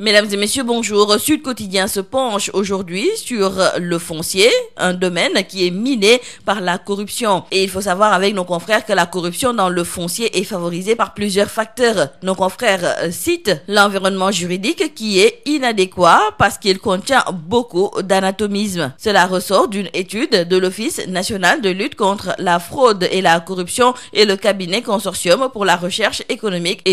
Mesdames et messieurs, bonjour. Sud Quotidien se penche aujourd'hui sur le foncier, un domaine qui est miné par la corruption. Et il faut savoir avec nos confrères que la corruption dans le foncier est favorisée par plusieurs facteurs. Nos confrères euh, citent l'environnement juridique qui est inadéquat parce qu'il contient beaucoup d'anatomisme. Cela ressort d'une étude de l'Office national de lutte contre la fraude et la corruption et le cabinet consortium pour la recherche économique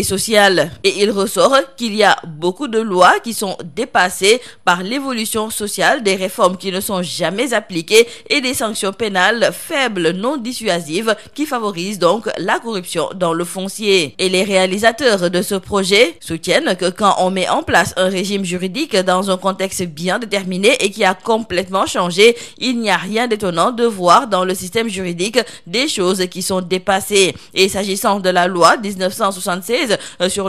lois qui sont dépassées par l'évolution sociale, des réformes qui ne sont jamais appliquées et des sanctions pénales faibles, non dissuasives, qui favorisent donc la corruption dans le foncier. Et les réalisateurs de ce projet soutiennent que quand on met en place un régime juridique dans un a complètement de voir dans le système juridique des de la loi 1976 euh, sur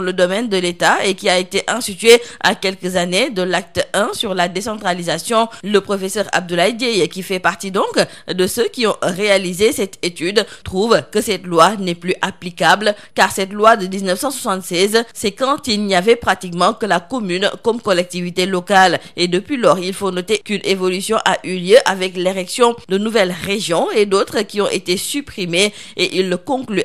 à quelques années de l'acte 1 sur la décentralisation, le professeur Abdoulaye Dieye, qui fait partie donc de ceux qui ont réalisé cette étude, trouve que de 1976, c'est quand il n'y avait que la commune comme collectivité locale. Et depuis lors, il faut noter qu'une évolution a eu lieu avec l'érection de nouvelles régions et d'autres qui ont été supprimées et il conclut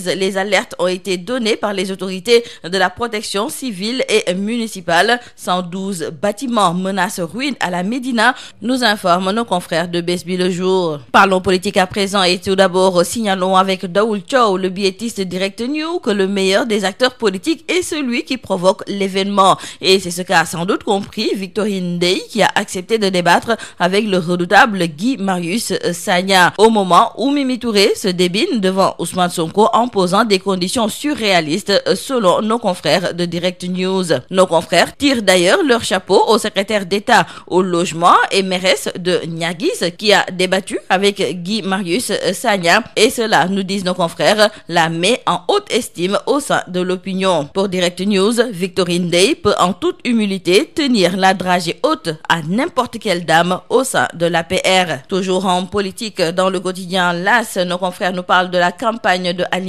reprises, les alertes ont été données par les autorités de la protection civile et municipale. 112 bâtiments menacent ruine à la Médina, nous informent nos confrères de Besbi le jour. Parlons politique à présent et tout d'abord signalons avec Daoul Chow, le biétiste Direct New, que le meilleur des acteurs politiques est celui qui provoque l'événement. Et c'est ce qu'a sans doute compris Victorine Dey qui a accepté de débattre avec le redoutable Guy Marius Sagna en posant des conditions surréalistes euh, selon nos confrères de Direct News. Nos confrères tirent d'ailleurs leur chapeau au secrétaire d'État au logement et mairesse de Niaguis qui a débattu avec Guy Marius euh, Sagna et cela, nous disent nos confrères, la met en haute estime au sein de l'opinion. Pour Direct News, Victorine Day peut en toute humilité tenir la dragée haute à n'importe quelle dame au sein de l'APR. Toujours en politique, dans le quotidien LAS, nos la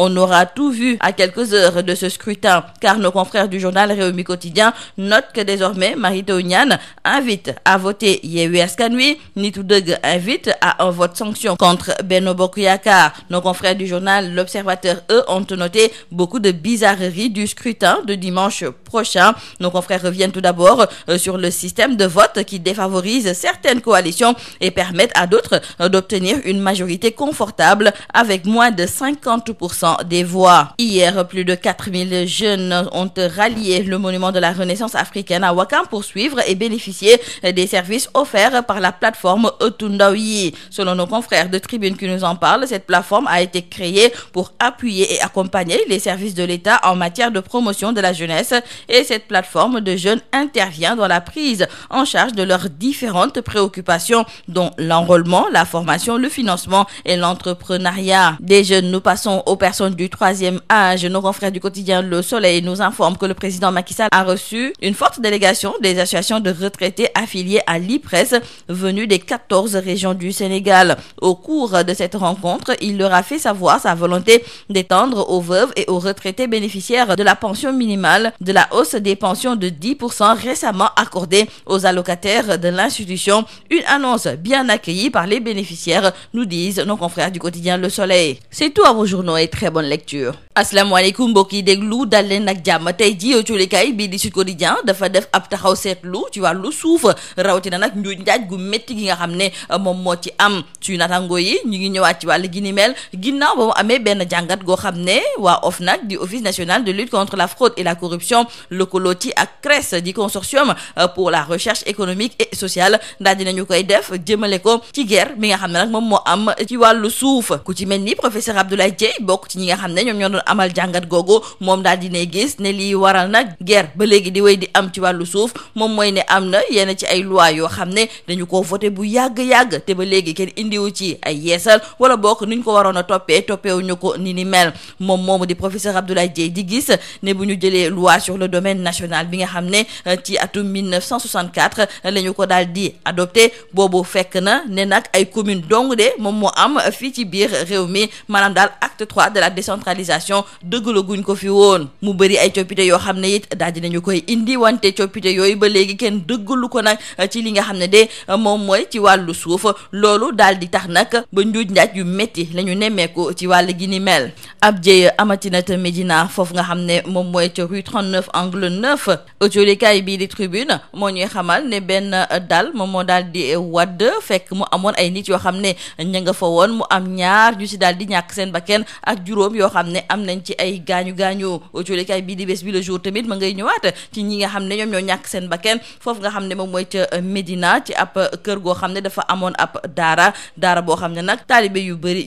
On aura tout vu à quelques heures de ce scrutin, car nos confrères du journal Réumi Quotidien notent que désormais Mary Teuw Niane à voter Yewwi Askan Wi, Nittu à un vote sanction contre Benno Nos confrères du journal L'Observateur, eux, ont noté beaucoup de bizarreries du scrutin de dimanche prochain. Nos confrères reviennent tout d'abord euh, sur le système de vote qui défavorise certaines coalitions et permettent à d'autres euh, d'obtenir 100% des voix. Hier, plus de 4000 jeunes ont rallié le monument de la Renaissance africaine à Ouakam pour suivre et bénéficier des services offerts par la plateforme Otundawi. Selon nos confrères de Tribune qui nous en parlent, cette plateforme a été créée pour appuyer et accompagner les services de l'État en matière de promotion de la jeunesse et cette plateforme de jeunes intervient dans la prise en charge de leurs différentes préoccupations dont l'enrôlement, personnes du troisième âge. Nos confrères du quotidien Le Soleil nous informent que le président Macky a reçu une forte délégation des associations de retraités affiliées à l'IPRES venues des 14 régions du Sénégal. Au cours de cette rencontre, il leur a fait savoir sa volonté d'étendre aux veuves et aux retraités bénéficiaires de la pension minimale de la hausse des pensions de récemment accordée aux allocataires de l'institution. Une annonce bien accueillie par les très bonne lecture asalaamaaleykum mbokk yi déglu dal leen nag jàmm tey ji culikaay bii di Sud Quotidien dafa def ab taxaw seetlu ci wàllu suuf rawatina nag njuuj njaaj gu métti gi nga xam ne uh, moom moo ci am suñu natango yi ñu ngi ñëwaat ci wàllu gi ni mel ginnaaw ba mu amee benn jàngat goo xam ne waa OFNAC di office national de lutte contre la fraude la corruption lëkkaloo ci ak CRES di consortium uh, pour la recherche économique et sociale ndax dinañu koy def jëmale ko ci guerre bi nga xam ne suuf ku ci mel ni professeur Abdoulaye Dieye bokk ci ñi nga xam ne ñoom ñoo doon amal jàngat googu moom daal di dinay gis ne lii waral na guerre ba léegi di way di am ci wàllu suuf moom mooy ne am na yenn ci ay loi yoo xam ne dañu ko voté bu yàgg-yàgg te ba léegi kenn indiwu ci ay yeesal wala bokk niñ ko waroon a toppee toppeewuñu ko ni ni mel moom moomu di professeur Abdoulaye Dieye di gis ne bu ñu jëlee loi le domaine national bi nga xam ne euh, ci atum 1964 euh, la ñu ko daal di adopté boobu fekk na ne nag ay commune dong de moom moo am fii ci biir réew mi maanaam daal acte 3 de la la décentralisation dëggalaguñ ko fi woon mu bëri ay coppite yoo xam ne it daal dinañu koy indi wante coppite yooyu ba léegi kenn dëggalu ko nag eh, ci li nga xam ne de eh, moom mooy ci wàllu suuf loolu daal di tax nag ba njuuj njaaj yu métti la ñu ci wàll gi ni mel ab jéy amatina te Médina foofu nga xam ne moom mooy ca rue 39 angle 9 autolikaay bii di tribune moo ñuy xamal ne benn dal moom moo dal di wadd fekk mu amoon ay nit yoo xam ne ña fa woon mu am ñaar ñu si daal di ñàkk seen bakkan ak juróom yoo xam ne am nañ ci ay gaañu gaañu coolikaay bii di bés bi le jour tamit ma ngay ñëwaat ci ne ñoom ñoo ñàkk seen bakken foofu nga xam ne moom mooy ca euh, Médina ci ab euh, kër goo xam ne xam ne nag taalibe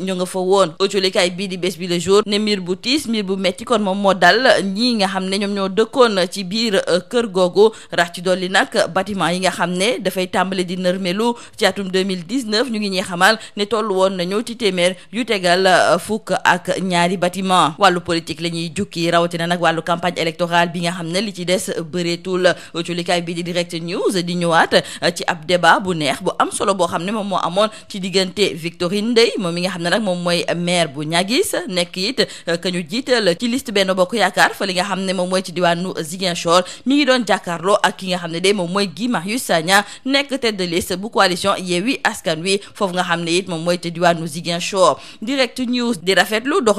ñoo nga fa woon coolikaay bii di bés bi le jour ne mbir bu tiis ñii nga xam ne ñoom ñoo dëkkoon ci biir euh, kër googu rax ci dolli nag bâtiment yi nga xam ne dafay tàmbale di nërmelu ci atum 2019 ñu ngi ñuy xamal ne toll woon nañu ci téeméer yu tegal fukk ak ñaari bâtiment wàllu politique la ñuy jukki rawatina nag wàllu campagne électorale bi nga xam ne li ci des bëreetul culikaay bi di direct news di ñëwaat uh, ci ab débat bu neex bu am solo boo xam ne moom moo amoon ci diggante Victorine Ndeye moom mi nga xam ne nag moom mooy maire bu Niaguis nekk it uh, ka ñu jiital ci liste benn bokk yaakaar fa li nga xam ne moom mooy ci diwaanu Ziguinchor mi ngi doon jàkkarloo ak ki nga xam ne de moom mooy Guy Marius Sagna nekk tête de liste bu coalition Yewwi Askan Wi foofu nga xam ne it moom mooy ci diwaanu Ziguinchor direct news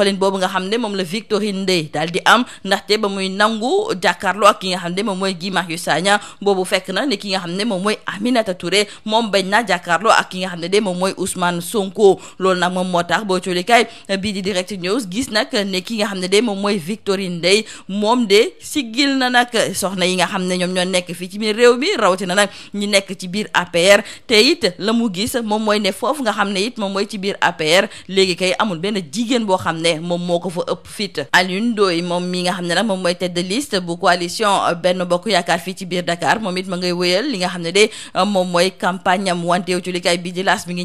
doxalin boobu nga xam ne moom la Victorine Ndeye daal di am ndaxte ba muy nangu jàkkaarloo ak ki nga xam ne moom mooy Guy Marius Sagna boobu fekk na ki nga xam ne moom mooy Aminata Touré moom bañ naa jàkkaarloo ak ki nga xam ne de moom mooy Ousmane Sonko loolu nag moom moo tax boo coolikaay bii di direct news gis nag ne ki nga xam ne de moom mooy Victorine Ndeye moom de siggil na nag soxna yi nga xam ne ñoom ñoo nekk fii ci biir réew mi rawatina nag ñi nekk ci biir APR te it la mu gis moom mooy ne foofu nga xam ne it moom mooy ci biir APR léegi kay amul benn jigéen boo xam ne ne moom moo ko fa ëpp fit Alioune Ndoye moom mi nga xam ne nag moom mooy tête de bu coalition euh, benn bokk yaakaar fii ci biir Dakar moom it ma ngay wëyal li nga xam ne de euh, moom mooy am wanteew ci likaay bi di laas mi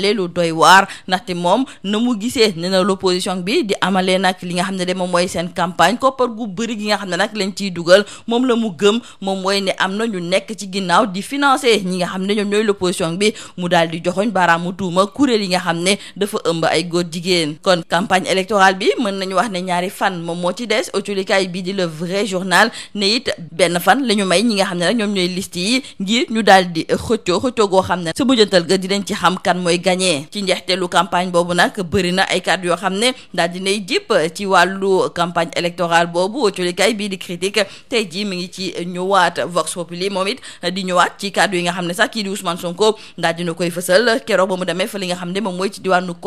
euh, moom na mu gisee ne na l'opposition bi di amalee nag li nga xam ne de moom mooy seen campagne koppar gu bëri gi nga xam ne nag lañ ciy dugal moom la mu gëm moom mooy ne am na ñu nekk ci ginnaaw di financer ñi nga xam ne ñoom ñooy l'opposition bi mu daal di joxoñ baaraamu tuuma kuréel yi nga xam ne dafa dafa ëmb ay góor jigéen kon campagne électorale bi mën nañu wax ne ñaari fan moom moo ci des autolikaay bi di le vrai journal ne it benn fan la ñu may ñi nga xam ne rek ñoom ñooy liste yi ngir ñu daal di xëcco goo xam ne sa mujjantal ga dinañ ci xam kan mooy gagné ci njeexteelu campagne boobu nag bëri na ay kàddu yoo xam ne daal dinay jip ci wàllu campagne électorale boobu autolikaay bii di critique tey jii mi ngi ci ñëwaat Vox Populi moom it di ñëwaat ci kàddu yi nga xam ne sax kii di Ousmane Sonko daal dina koy fësal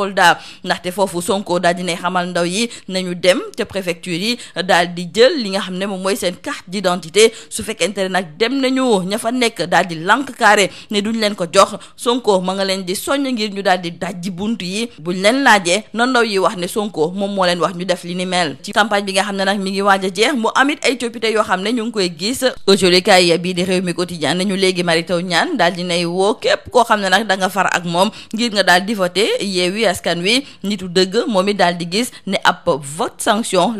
Kolda ndaxte foofu Sonko daal dinay xamal ndaw yi nañu dem ca préfecture yi daal di jël li nga xam ne moom mooy seen carte d'identité su fekkente ne nag dem nañu ña fa nekk daal di lank carré ne duñ leen ko jox Sonko ma nga leen di soññ ngir ñu daal di dajji bunt yi bu ñu leen laajee na ndaw yi wax ne Sonko moom moo leen wax ñu def li ni mel ci campagne bi nga xam ne nag mi ngi waaj a jeex mu amit ay coppite yoo xam ne ñu ngi koy gis aujourd'hui bii di réew mi quotidien nañu léegi Mary Teuw Niane koo xam ne nag da nga askan wi nitu dëgg moom it daal di gis ne ab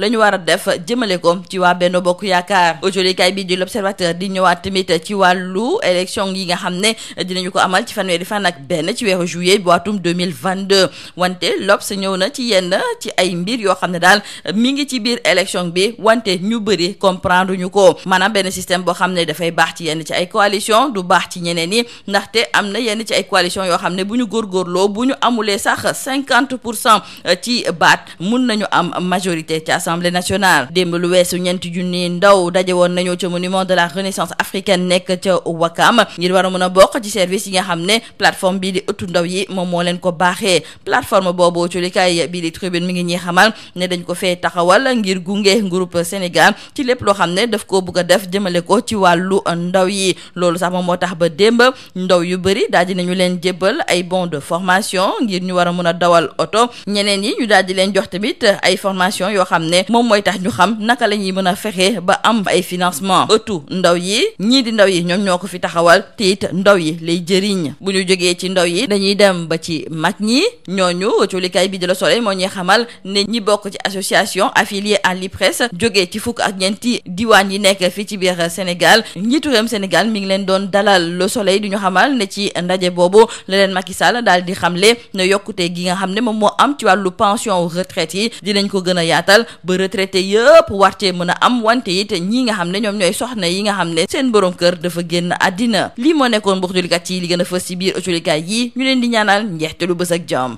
la ñu war a def jëmale ko ci waa Benno Bokk Yaakaar aujourd'hui kay bii di l'observateur di ñëwaat tamit ci wàllu élection yi nga xam ne dinañu ko amal ci fanweeri fan ak benn ci weeru juillet bu atum 2022 wante l'Obs ñëw na ci yenn ci ay mbir yoo xam ne daal mi ngi ci biir élection bi wante ñu bëri comprendre ñu ko maanaam benn système boo xam ne dafay baax ci yenn ci ay coalition du baax ci ñeneen yi ndaxte am na yenn ci ay coalition yoo xam ne bu ñu góorgóorloo bu ñu amulee sax cinquante pour cent ci baat mun nañu am majorité ca assemblée nationale démb lu weesu ñeenti junni ndaw daje woon nañoo ca monument de la renaissance africaine nekk ca Wakam ngir war a mën a bokk ci service yi nga xam ne plateforme bii di ëttu ndaw yi moom moo leen ko baaxee plateforme boobu culikaay bii di tribune mi ngi ñuy xamal ne dañ ko fee taxawal ngir gunge groupe Sénégal ci lépp loo xam ne daf koo bëgg a def jëmale ko ci wàllu ndaw yi loolu sax moom moo tax ba démb ndaw yu bëri daal di leen jébbal ay bons de mën dawal oto ñeneen yi ñu daal di leen jox tamit ay formation yoo xam ne moom mooy tax ñu xam naka la ñuy mën a fexe ba am ay financement ëttu ndaw yi ñii di ndaw yi ñoom ñoo ko fi taxawal te it ndaw yi lay jëriñ bu ñu jógee ci ndaw yi dañuy dem ba ci mag ñi ñooñu coolikaay bi de la Soleil moo ñuy xamal ne ñi bokk ci association affiliée à l'IPRES jógee ci fukk ak ñeenti diwaan yi nekk fii ci biir Sénégal njiitu réewum Sénégal mi ngi leen doon dalal le Soleil di ñu xamal ne ci ndaje boobu la leen Macky Sall daal di xamle ne yokkute gi nga xam ne moom moo am ci wàllu pension retraite yi dinañ ko gën a yaatal ba retraité yëpp war cee mën a am wante it ñii nga xam ne ñoom ñooy soxna yi nga xam ne seen borom kër dafa génn àddina lii moo nekkoon mboxtulikat yi li gën a fës ci biir ëcculikaay yi ñu leen di ñaanal njeexte lu bës ak jaam